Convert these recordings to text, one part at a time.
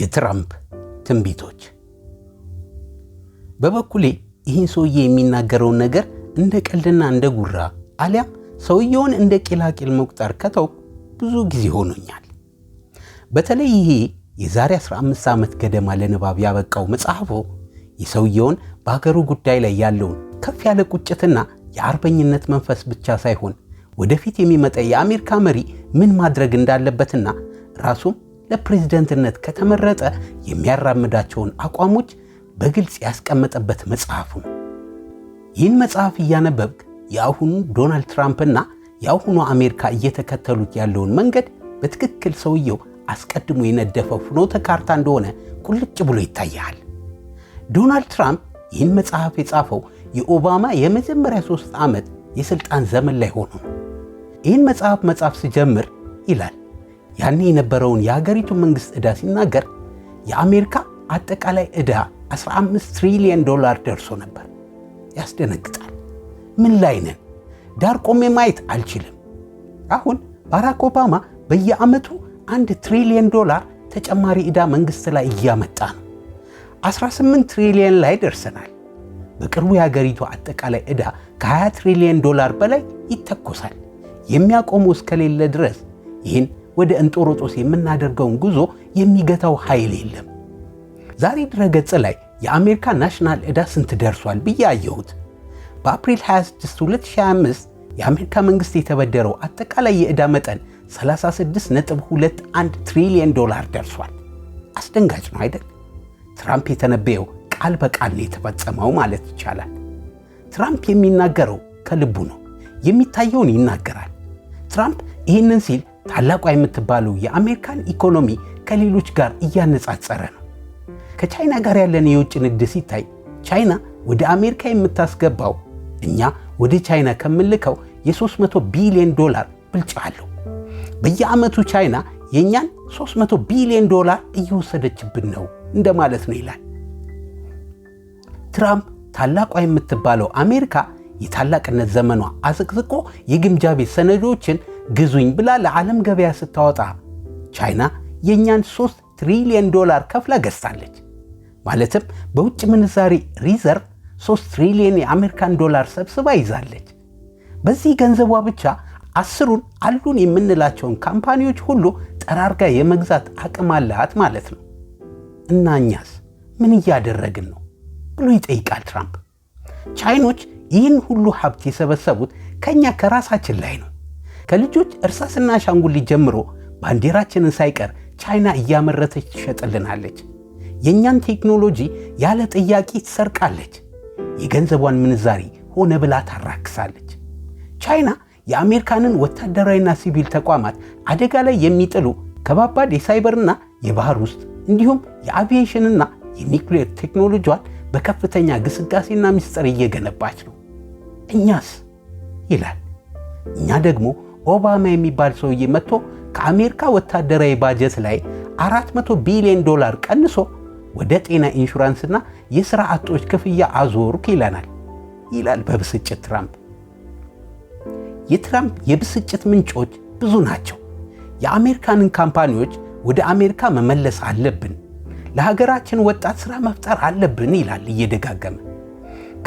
የትራምፕ ትንቢቶች። በበኩሌ ይህን ሰውዬ የሚናገረውን ነገር እንደ ቀልድና እንደ ጉራ አሊያም ሰውየውን እንደ ቂላቂል መቁጠር ከተው ብዙ ጊዜ ሆኖኛል። በተለይ ይሄ የዛሬ 15 ዓመት ገደማ ለንባብ ያበቃው መጽሐፎ የሰውየውን በሀገሩ ጉዳይ ላይ ያለውን ከፍ ያለ ቁጭትና የአርበኝነት መንፈስ ብቻ ሳይሆን ወደፊት የሚመጣ የአሜሪካ መሪ ምን ማድረግ እንዳለበትና ራሱም ለፕሬዝደንትነት ከተመረጠ የሚያራምዳቸውን አቋሞች በግልጽ ያስቀመጠበት መጽሐፉ ነው። ይህን መጽሐፍ እያነበብክ የአሁኑ ዶናልድ ትራምፕና የአሁኑ አሜሪካ እየተከተሉት ያለውን መንገድ በትክክል ሰውየው አስቀድሞ የነደፈው ፍኖተ ካርታ እንደሆነ ቁልጭ ብሎ ይታያል። ዶናልድ ትራምፕ ይህን መጽሐፍ የጻፈው የኦባማ የመጀመሪያ ሶስት ዓመት የሥልጣን ዘመን ላይ ሆኖ ነው። ይህን መጽሐፍ መጻፍ ስጀምር ይላል ያኔ የነበረውን የሀገሪቱ መንግስት ዕዳ ሲናገር የአሜሪካ አጠቃላይ ዕዳ 15 ትሪሊየን ዶላር ደርሶ ነበር። ያስደነግጣል። ምን ላይ ነን? ዳር ቆሜ ማየት አልችልም። አሁን ባራክ ኦባማ በየዓመቱ አንድ ትሪሊየን ዶላር ተጨማሪ ዕዳ መንግሥት ላይ እያመጣ ነው። 18 ትሪሊየን ላይ ደርሰናል። በቅርቡ የሀገሪቱ አጠቃላይ ዕዳ ከ20 ትሪሊየን ዶላር በላይ ይተኮሳል። የሚያቆሙ እስከሌለ ድረስ ይህን ወደ እንጦሮጦስ የምናደርገውን ጉዞ የሚገታው ኃይል የለም። ዛሬ ድረገጽ ላይ የአሜሪካ ናሽናል ዕዳ ስንት ደርሷል ብዬ አየሁት። በአፕሪል 26 2025 የአሜሪካ መንግሥት የተበደረው አጠቃላይ የዕዳ መጠን 36.21 ትሪሊየን ዶላር ደርሷል። አስደንጋጭ ነው አይደል? ትራምፕ የተነበየው ቃል በቃል ነው የተፈጸመው ማለት ይቻላል። ትራምፕ የሚናገረው ከልቡ ነው፣ የሚታየውን ይናገራል። ትራምፕ ይህንን ሲል ታላቋ የምትባለው የአሜሪካን ኢኮኖሚ ከሌሎች ጋር እያነጻጸረ ነው። ከቻይና ጋር ያለን የውጭ ንግድ ሲታይ ቻይና ወደ አሜሪካ የምታስገባው እኛ ወደ ቻይና ከምልከው የ300 ቢሊዮን ዶላር ብልጫ አለው። በየዓመቱ ቻይና የእኛን 300 ቢሊዮን ዶላር እየወሰደችብን ነው እንደማለት ነው ይላል። ትራምፕ ታላቋ የምትባለው አሜሪካ የታላቅነት ዘመኗ አዘቅዝቆ የግምጃ ቤት ሰነዶችን ግዙኝ ብላ ለዓለም ገበያ ስታወጣ ቻይና የእኛን 3 ትሪሊየን ዶላር ከፍላ ገዝታለች። ማለትም በውጭ ምንዛሪ ሪዘርቭ 3 ትሪሊየን የአሜሪካን ዶላር ሰብስባ ይዛለች። በዚህ ገንዘቧ ብቻ አስሩን አሉን የምንላቸውን ካምፓኒዎች ሁሉ ጠራርጋ የመግዛት አቅም አላት ማለት ነው። እና እኛስ ምን እያደረግን ነው ብሎ ይጠይቃል ትራምፕ። ቻይኖች ይህን ሁሉ ሀብት የሰበሰቡት ከእኛ ከራሳችን ላይ ነው። ከልጆች እርሳስና አሻንጉሊት ጀምሮ ባንዲራችንን ሳይቀር ቻይና እያመረተች ትሸጥልናለች። የእኛን ቴክኖሎጂ ያለ ጥያቄ ትሰርቃለች። የገንዘቧን ምንዛሪ ሆነ ብላ ታራክሳለች። ቻይና የአሜሪካንን ወታደራዊና ሲቪል ተቋማት አደጋ ላይ የሚጥሉ ከባባድ የሳይበርና የባህር ውስጥ እንዲሁም የአቪዬሽንና የኒውክሌር ቴክኖሎጂዋን በከፍተኛ ግስጋሴና ምስጢር እየገነባች ነው። እኛስ ይላል እኛ ደግሞ ኦባማ የሚባል ሰውዬ መጥቶ ከአሜሪካ ወታደራዊ ባጀት ላይ 400 ቢሊዮን ዶላር ቀንሶ ወደ ጤና ኢንሹራንስና የሥራ አጦች ክፍያ አዞሩክ ይለናል ይላል በብስጭት ትራምፕ። የትራምፕ የብስጭት ምንጮች ብዙ ናቸው። የአሜሪካንን ካምፓኒዎች ወደ አሜሪካ መመለስ አለብን፣ ለሀገራችን ወጣት ሥራ መፍጠር አለብን ይላል እየደጋገመ።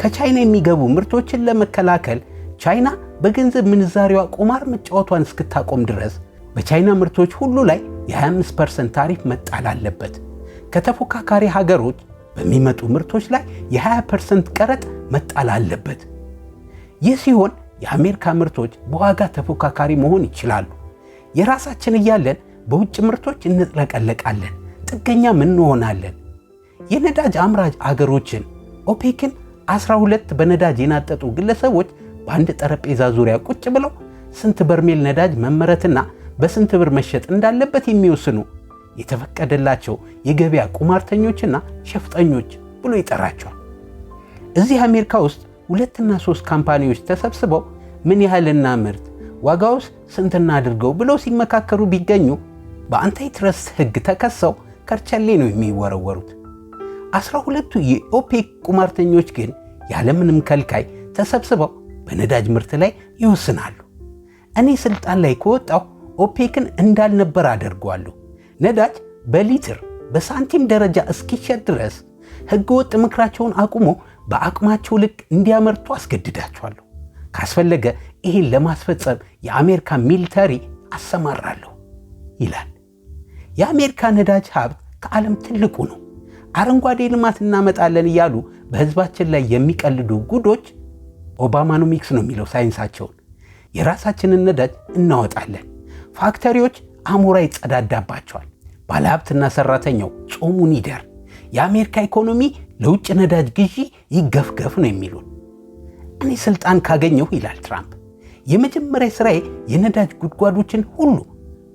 ከቻይና የሚገቡ ምርቶችን ለመከላከል ቻይና በገንዘብ ምንዛሪዋ ቁማር መጫወቷን እስክታቆም ድረስ በቻይና ምርቶች ሁሉ ላይ የ25% ታሪፍ መጣል አለበት። ከተፎካካሪ ሀገሮች በሚመጡ ምርቶች ላይ የ20% ቀረጥ መጣል አለበት። ይህ ሲሆን የአሜሪካ ምርቶች በዋጋ ተፎካካሪ መሆን ይችላሉ። የራሳችን እያለን በውጭ ምርቶች እንጥለቀለቃለን፣ ጥገኛ እንሆናለን። የነዳጅ አምራች አገሮችን ኦፔክን 12 በነዳጅ የናጠጡ ግለሰቦች በአንድ ጠረጴዛ ዙሪያ ቁጭ ብለው ስንት በርሜል ነዳጅ መመረትና በስንት ብር መሸጥ እንዳለበት የሚወስኑ የተፈቀደላቸው የገበያ ቁማርተኞችና ሸፍጠኞች ብሎ ይጠራቸዋል። እዚህ አሜሪካ ውስጥ ሁለትና ሶስት ካምፓኒዎች ተሰብስበው ምን ያህልና ምርት ዋጋውስ ስንትና አድርገው ብለው ሲመካከሩ ቢገኙ በአንታይትረስት ህግ ሕግ ተከሰው ከርቸሌ ነው የሚወረወሩት። አስራ ሁለቱ የኦፔክ ቁማርተኞች ግን ያለምንም ከልካይ ተሰብስበው በነዳጅ ምርት ላይ ይወስናሉ። እኔ ስልጣን ላይ ከወጣሁ ኦፔክን እንዳልነበር አደርገዋለሁ። ነዳጅ በሊትር በሳንቲም ደረጃ እስኪሸጥ ድረስ ህገወጥ ምክራቸውን አቁሞ በአቅማቸው ልክ እንዲያመርቱ አስገድዳቸዋለሁ። ካስፈለገ ይህን ለማስፈጸም የአሜሪካ ሚሊተሪ አሰማራለሁ ይላል። የአሜሪካ ነዳጅ ሀብት ከዓለም ትልቁ ነው። አረንጓዴ ልማት እናመጣለን እያሉ በህዝባችን ላይ የሚቀልዱ ጉዶች ኦባማኖሚክስ ነው የሚለው ሳይንሳቸውን። የራሳችንን ነዳጅ እናወጣለን። ፋክተሪዎች አሞራ ይጸዳዳባቸዋል። ባለሀብትና ሰራተኛው ጾሙን ይደር፣ የአሜሪካ ኢኮኖሚ ለውጭ ነዳጅ ግዢ ይገፍገፍ ነው የሚሉን። እኔ ስልጣን ካገኘሁ ይላል ትራምፕ፣ የመጀመሪያ ስራዬ የነዳጅ ጉድጓዶችን ሁሉ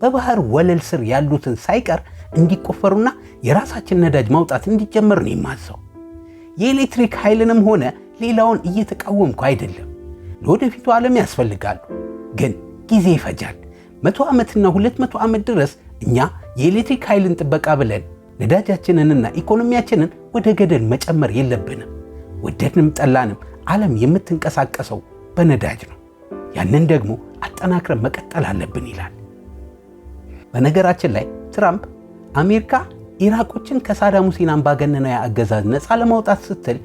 በባህር ወለል ስር ያሉትን ሳይቀር እንዲቆፈሩና የራሳችን ነዳጅ ማውጣት እንዲጀመር ነው የማዘው። የኤሌክትሪክ ኃይልንም ሆነ ሌላውን እየተቃወምኩ አይደለም። ለወደፊቱ ዓለም ያስፈልጋሉ፣ ግን ጊዜ ይፈጃል። መቶ ዓመትና ሁለት መቶ ዓመት ድረስ እኛ የኤሌክትሪክ ኃይልን ጥበቃ ብለን ነዳጃችንንና ኢኮኖሚያችንን ወደ ገደል መጨመር የለብንም። ወደድንም ጠላንም ዓለም የምትንቀሳቀሰው በነዳጅ ነው። ያንን ደግሞ አጠናክረን መቀጠል አለብን ይላል። በነገራችን ላይ ትራምፕ አሜሪካ ኢራቆችን ከሳዳም ሁሴን አምባገነናዊ አገዛዝ ነፃ ለማውጣት ስትል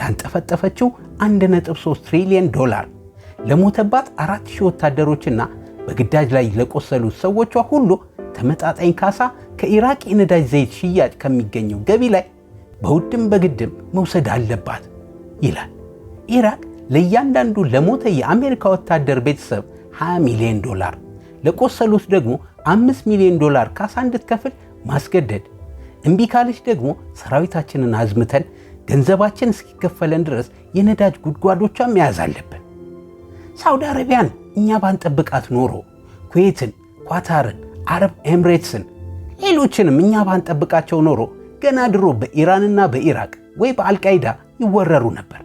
ላንጠፈጠፈችው 1.3 ትሪሊየን ዶላር፣ ለሞተባት 4000 ወታደሮችና በግዳጅ ላይ ለቆሰሉ ሰዎቿ ሁሉ ተመጣጣኝ ካሳ ከኢራቅ የነዳጅ ዘይት ሽያጭ ከሚገኘው ገቢ ላይ በውድም በግድም መውሰድ አለባት ይላል። ኢራቅ ለእያንዳንዱ ለሞተ የአሜሪካ ወታደር ቤተሰብ 20 ሚሊዮን ዶላር፣ ለቆሰሉት ደግሞ 5 ሚሊዮን ዶላር ካሳ እንድትከፍል ማስገደድ፣ እምቢ ካለች ደግሞ ሰራዊታችንን አዝምተን ገንዘባችን እስኪከፈለን ድረስ የነዳጅ ጉድጓዶቿ መያዝ አለብን። ሳውዲ አረቢያን እኛ ባንጠብቃት ኖሮ ኩዌትን፣ ኳታርን፣ አረብ ኤምሬትስን፣ ሌሎችንም እኛ ባንጠብቃቸው ኖሮ ገና ድሮ በኢራንና በኢራቅ ወይ በአልቃይዳ ይወረሩ ነበር።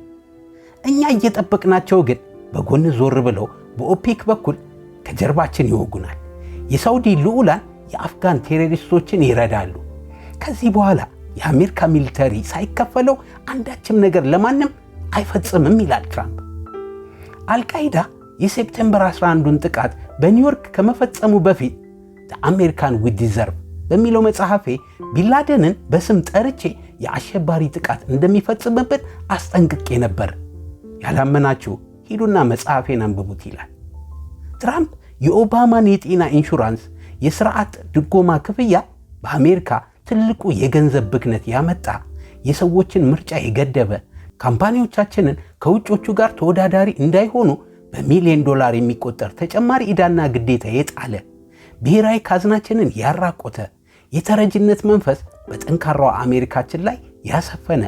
እኛ እየጠበቅናቸው ግን በጎን ዞር ብለው በኦፔክ በኩል ከጀርባችን ይወጉናል። የሳውዲ ልዑላን የአፍጋን ቴሮሪስቶችን ይረዳሉ። ከዚህ በኋላ የአሜሪካ ሚሊተሪ ሳይከፈለው አንዳችም ነገር ለማንም አይፈጽምም ይላል ትራምፕ። አልቃይዳ የሴፕቴምበር 11ን ጥቃት በኒውዮርክ ከመፈጸሙ በፊት አሜሪካን ዊ ዲዘርቭ በሚለው መጽሐፌ ቢንላደንን በስም ጠርቼ የአሸባሪ ጥቃት እንደሚፈጽምብን አስጠንቅቄ ነበር። ያላመናችሁ ሂዱና መጽሐፌን አንብቡት ይላል ትራምፕ። የኦባማን የጤና ኢንሹራንስ የስርዓት ድጎማ ክፍያ በአሜሪካ ትልቁ የገንዘብ ብክነት ያመጣ የሰዎችን ምርጫ የገደበ ካምፓኒዎቻችንን ከውጮቹ ጋር ተወዳዳሪ እንዳይሆኑ በሚሊዮን ዶላር የሚቆጠር ተጨማሪ ዕዳና ግዴታ የጣለ ብሔራዊ ካዝናችንን ያራቆተ የተረጅነት መንፈስ በጠንካራው አሜሪካችን ላይ ያሰፈነ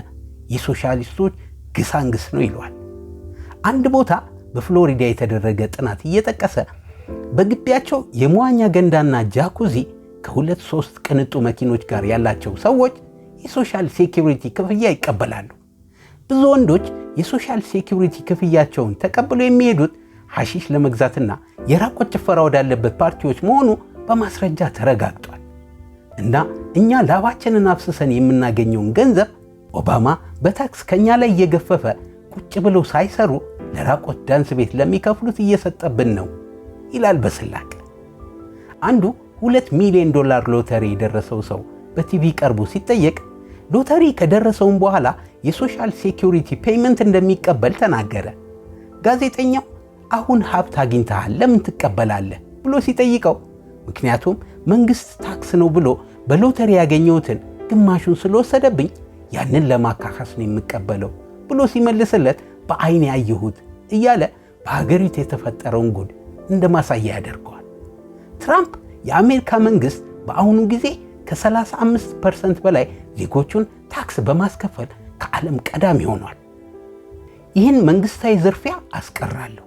የሶሻሊስቶች ግሳንግስ ነው ይለዋል። አንድ ቦታ በፍሎሪዳ የተደረገ ጥናት እየጠቀሰ በግቢያቸው የመዋኛ ገንዳና ጃኩዚ ከሁለት ሶስት ቅንጡ መኪኖች ጋር ያላቸው ሰዎች የሶሻል ሴኪሪቲ ክፍያ ይቀበላሉ። ብዙ ወንዶች የሶሻል ሴኪሪቲ ክፍያቸውን ተቀብለው የሚሄዱት ሐሺሽ ለመግዛትና የራቆት ጭፈራ ወዳለበት ፓርቲዎች መሆኑ በማስረጃ ተረጋግጧል። እና እኛ ላባችንን አፍስሰን የምናገኘውን ገንዘብ ኦባማ በታክስ ከኛ ላይ እየገፈፈ ቁጭ ብለው ሳይሰሩ ለራቆት ዳንስ ቤት ለሚከፍሉት እየሰጠብን ነው ይላል በስላቅ አንዱ ሁለት ሚሊዮን ዶላር ሎተሪ የደረሰው ሰው በቲቪ ቀርቦ ሲጠየቅ ሎተሪ ከደረሰውም በኋላ የሶሻል ሴኩሪቲ ፔይመንት እንደሚቀበል ተናገረ። ጋዜጠኛው አሁን ሀብት አግኝተሃል ለምን ትቀበላለህ ብሎ ሲጠይቀው ምክንያቱም መንግስት ታክስ ነው ብሎ በሎተሪ ያገኘሁትን ግማሹን ስለወሰደብኝ ያንን ለማካካስ ነው የምቀበለው ብሎ ሲመልስለት በአይን ያየሁት እያለ በሀገሪቱ የተፈጠረውን ጉድ እንደ ማሳያ ያደርገዋል። ትራምፕ የአሜሪካ መንግስት በአሁኑ ጊዜ ከ35 ፐርሰንት በላይ ዜጎቹን ታክስ በማስከፈል ከዓለም ቀዳሚ ሆኗል። ይህን መንግስታዊ ዝርፊያ አስቀራለሁ።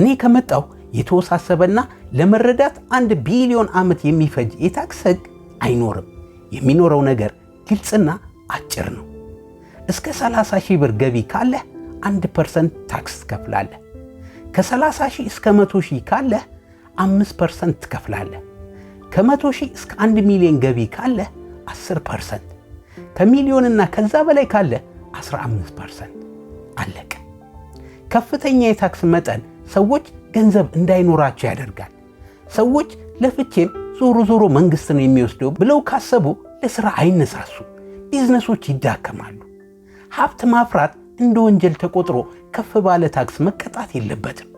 እኔ ከመጣው የተወሳሰበና ለመረዳት አንድ ቢሊዮን ዓመት የሚፈጅ የታክስ ሕግ አይኖርም። የሚኖረው ነገር ግልጽና አጭር ነው። እስከ 30 ሺህ ብር ገቢ ካለህ 1 ፐርሰንት ታክስ ትከፍላለህ። ከ30 ሺህ እስከ 100 ሺህ ካለህ 5 ፐርሰንት ትከፍላለህ። ከመቶ ሺህ እስከ አንድ ሚሊዮን ገቢ ካለ 10 ፐርሰንት፣ ከሚሊዮንና ከዛ በላይ ካለ 15 ፐርሰንት። አለቀ። ከፍተኛ የታክስ መጠን ሰዎች ገንዘብ እንዳይኖራቸው ያደርጋል። ሰዎች ለፍቼም ዞሮ ዞሮ መንግስት ነው የሚወስደው ብለው ካሰቡ ለሥራ አይነሳሱም። ቢዝነሶች ይዳከማሉ። ሀብት ማፍራት እንደ ወንጀል ተቆጥሮ ከፍ ባለ ታክስ መቀጣት የለበትም።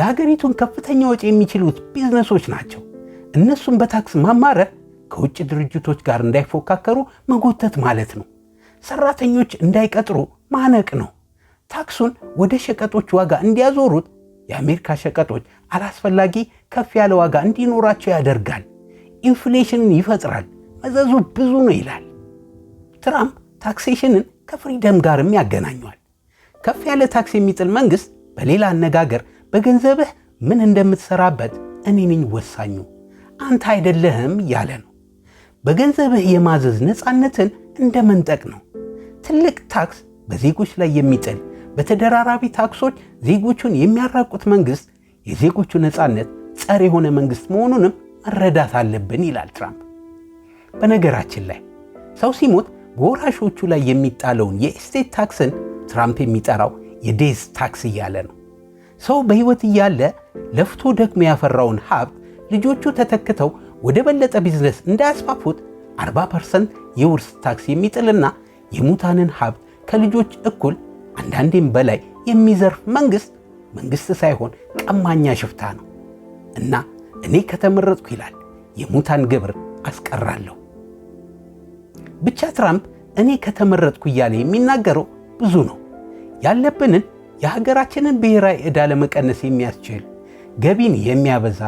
የሀገሪቱን ከፍተኛ ወጪ የሚችሉት ቢዝነሶች ናቸው። እነሱን በታክስ ማማረር ከውጭ ድርጅቶች ጋር እንዳይፎካከሩ መጎተት ማለት ነው። ሰራተኞች እንዳይቀጥሩ ማነቅ ነው። ታክሱን ወደ ሸቀጦች ዋጋ እንዲያዞሩት የአሜሪካ ሸቀጦች አላስፈላጊ ከፍ ያለ ዋጋ እንዲኖራቸው ያደርጋል፣ ኢንፍሌሽንን ይፈጥራል፣ መዘዙ ብዙ ነው ይላል። ትራምፕ ታክሴሽንን ከፍሪደም ጋርም ያገናኘዋል። ከፍ ያለ ታክስ የሚጥል መንግሥት፣ በሌላ አነጋገር በገንዘብህ ምን እንደምትሰራበት እኔ ነኝ ወሳኙ። አንተ አይደለህም ያለ ነው። በገንዘብህ የማዘዝ ነፃነትን እንደ መንጠቅ ነው። ትልቅ ታክስ በዜጎች ላይ የሚጥል በተደራራቢ ታክሶች ዜጎቹን የሚያራቁት መንግስት የዜጎቹ ነፃነት ጸር የሆነ መንግስት መሆኑንም መረዳት አለብን ይላል ትራምፕ። በነገራችን ላይ ሰው ሲሞት በወራሾቹ ላይ የሚጣለውን የኤስቴት ታክስን ትራምፕ የሚጠራው የዴዝ ታክስ እያለ ነው። ሰው በሕይወት እያለ ለፍቶ ደክሞ ያፈራውን ሀብት ልጆቹ ተተክተው ወደ በለጠ ቢዝነስ እንዳያስፋፉት 40% የውርስ ታክስ የሚጥልና የሙታንን ሀብት ከልጆች እኩል አንዳንዴም በላይ የሚዘርፍ መንግስት መንግስት ሳይሆን ቀማኛ ሽፍታ ነው እና እኔ ከተመረጥኩ ይላል የሙታን ግብር አስቀራለሁ። ብቻ ትራምፕ እኔ ከተመረጥኩ እያለ የሚናገረው ብዙ ነው። ያለብንን የሀገራችንን ብሔራዊ ዕዳ ለመቀነስ የሚያስችል ገቢን የሚያበዛ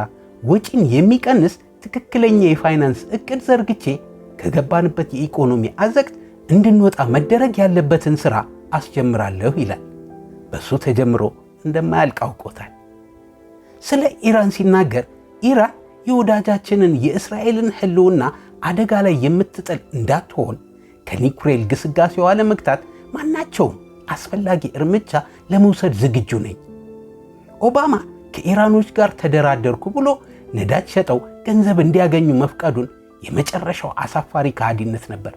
ወጪን የሚቀንስ ትክክለኛ የፋይናንስ እቅድ ዘርግቼ ከገባንበት የኢኮኖሚ አዘቅት እንድንወጣ መደረግ ያለበትን ሥራ አስጀምራለሁ ይላል። በእሱ ተጀምሮ እንደማያልቅ አውቆታል። ስለ ኢራን ሲናገር ኢራን የወዳጃችንን የእስራኤልን ህልውና አደጋ ላይ የምትጥል እንዳትሆን ከኒኩሬል ግስጋሴዋ ለመግታት ማናቸውም አስፈላጊ እርምጃ ለመውሰድ ዝግጁ ነኝ። ኦባማ ከኢራኖች ጋር ተደራደርኩ ብሎ ነዳጅ ሸጠው ገንዘብ እንዲያገኙ መፍቀዱን የመጨረሻው አሳፋሪ ከሃዲነት ነበር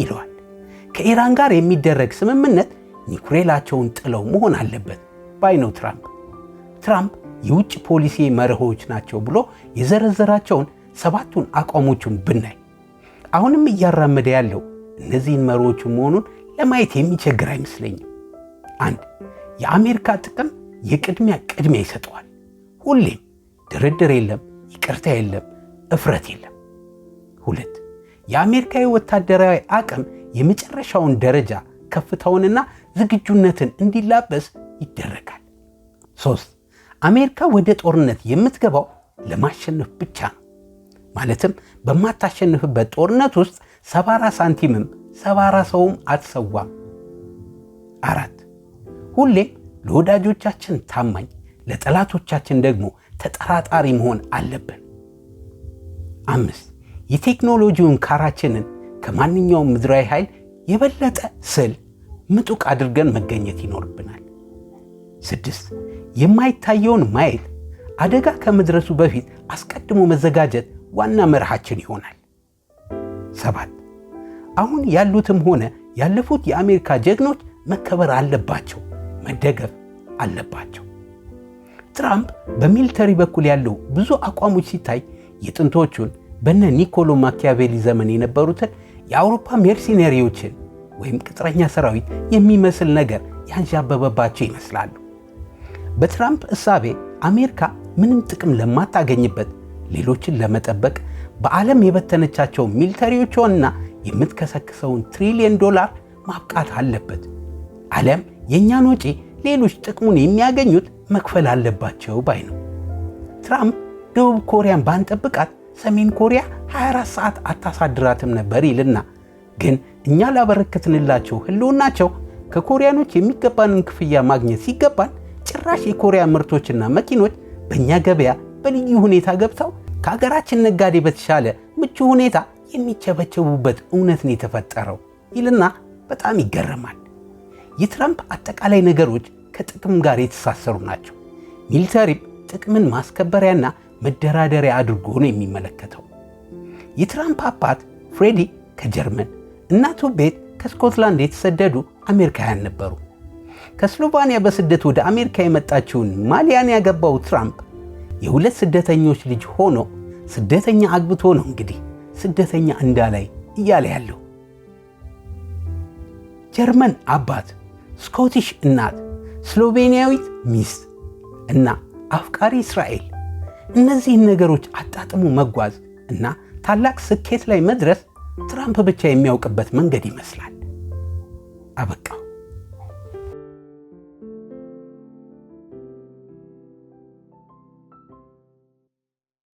ይለዋል። ከኢራን ጋር የሚደረግ ስምምነት ኒኩሬላቸውን ጥለው መሆን አለበት ባይ ነው ትራምፕ። ትራምፕ የውጭ ፖሊሲ መርሆች ናቸው ብሎ የዘረዘራቸውን ሰባቱን አቋሞቹን ብናይ አሁንም እያራመደ ያለው እነዚህን መርሆቹ መሆኑን ለማየት የሚቸግር አይመስለኝም። አንድ የአሜሪካ ጥቅም የቅድሚያ ቅድሚያ ይሰጠዋል። ሁሌም ድርድር የለም፣ ይቅርታ የለም፣ እፍረት የለም። ሁለት የአሜሪካዊ ወታደራዊ አቅም የመጨረሻውን ደረጃ ከፍታውንና ዝግጁነትን እንዲላበስ ይደረጋል። ሶስት አሜሪካ ወደ ጦርነት የምትገባው ለማሸነፍ ብቻ ነው። ማለትም በማታሸንፍበት ጦርነት ውስጥ ሰባራ ሳንቲምም ሰባራ ሰውም አትሰዋም። አራት ሁሌም ለወዳጆቻችን ታማኝ ለጠላቶቻችን ደግሞ ተጠራጣሪ መሆን አለብን። አምስት የቴክኖሎጂውን ካራችንን ከማንኛውም ምድራዊ ኃይል የበለጠ ስል ምጡቅ አድርገን መገኘት ይኖርብናል። ስድስት የማይታየውን ማየት አደጋ ከመድረሱ በፊት አስቀድሞ መዘጋጀት ዋና መርሃችን ይሆናል። ሰባት አሁን ያሉትም ሆነ ያለፉት የአሜሪካ ጀግኖች መከበር አለባቸው፣ መደገፍ አለባቸው። ትራምፕ በሚሊተሪ በኩል ያለው ብዙ አቋሞች ሲታይ የጥንቶቹን በነ ኒኮሎ ማኪያቬሊ ዘመን የነበሩትን የአውሮፓ ሜርሲነሪዎችን ወይም ቅጥረኛ ሰራዊት የሚመስል ነገር ያንዣበበባቸው ይመስላሉ። በትራምፕ እሳቤ አሜሪካ ምንም ጥቅም ለማታገኝበት ሌሎችን ለመጠበቅ በዓለም የበተነቻቸው ሚሊተሪዎቿንና የምትከሰክሰውን ትሪሊየን ዶላር ማብቃት አለበት። ዓለም የእኛን ወጪ ሌሎች ጥቅሙን የሚያገኙት መክፈል አለባቸው ባይ ነው። ትራምፕ ደቡብ ኮሪያን ባንጠብቃት ሰሜን ኮሪያ 24 ሰዓት አታሳድራትም ነበር ይልና ግን እኛ ላበረከትንላቸው ህልውናቸው ከኮሪያኖች የሚገባንን ክፍያ ማግኘት ሲገባን ጭራሽ የኮሪያ ምርቶችና መኪኖች በእኛ ገበያ በልዩ ሁኔታ ገብተው ከሀገራችን ነጋዴ በተሻለ ምቹ ሁኔታ የሚቸበቸቡበት እውነት ነው የተፈጠረው ይልና በጣም ይገረማል። የትራምፕ አጠቃላይ ነገሮች ከጥቅም ጋር የተሳሰሩ ናቸው። ሚሊተሪም ጥቅምን ማስከበሪያና መደራደሪያ አድርጎ ነው የሚመለከተው። የትራምፕ አባት ፍሬዲ ከጀርመን እናቱ ቤት ከስኮትላንድ የተሰደዱ አሜሪካውያን ነበሩ። ከስሎቫኒያ በስደት ወደ አሜሪካ የመጣችውን ማሊያን ያገባው ትራምፕ የሁለት ስደተኞች ልጅ ሆኖ ስደተኛ አግብቶ ነው እንግዲህ ስደተኛ እንዳላይ እያለ ያለው ጀርመን አባት ስኮቲሽ እናት፣ ስሎቬኒያዊት ሚስት እና አፍቃሪ እስራኤል እነዚህን ነገሮች አጣጥሞ መጓዝ እና ታላቅ ስኬት ላይ መድረስ ትራምፕ ብቻ የሚያውቅበት መንገድ ይመስላል። አበቃ።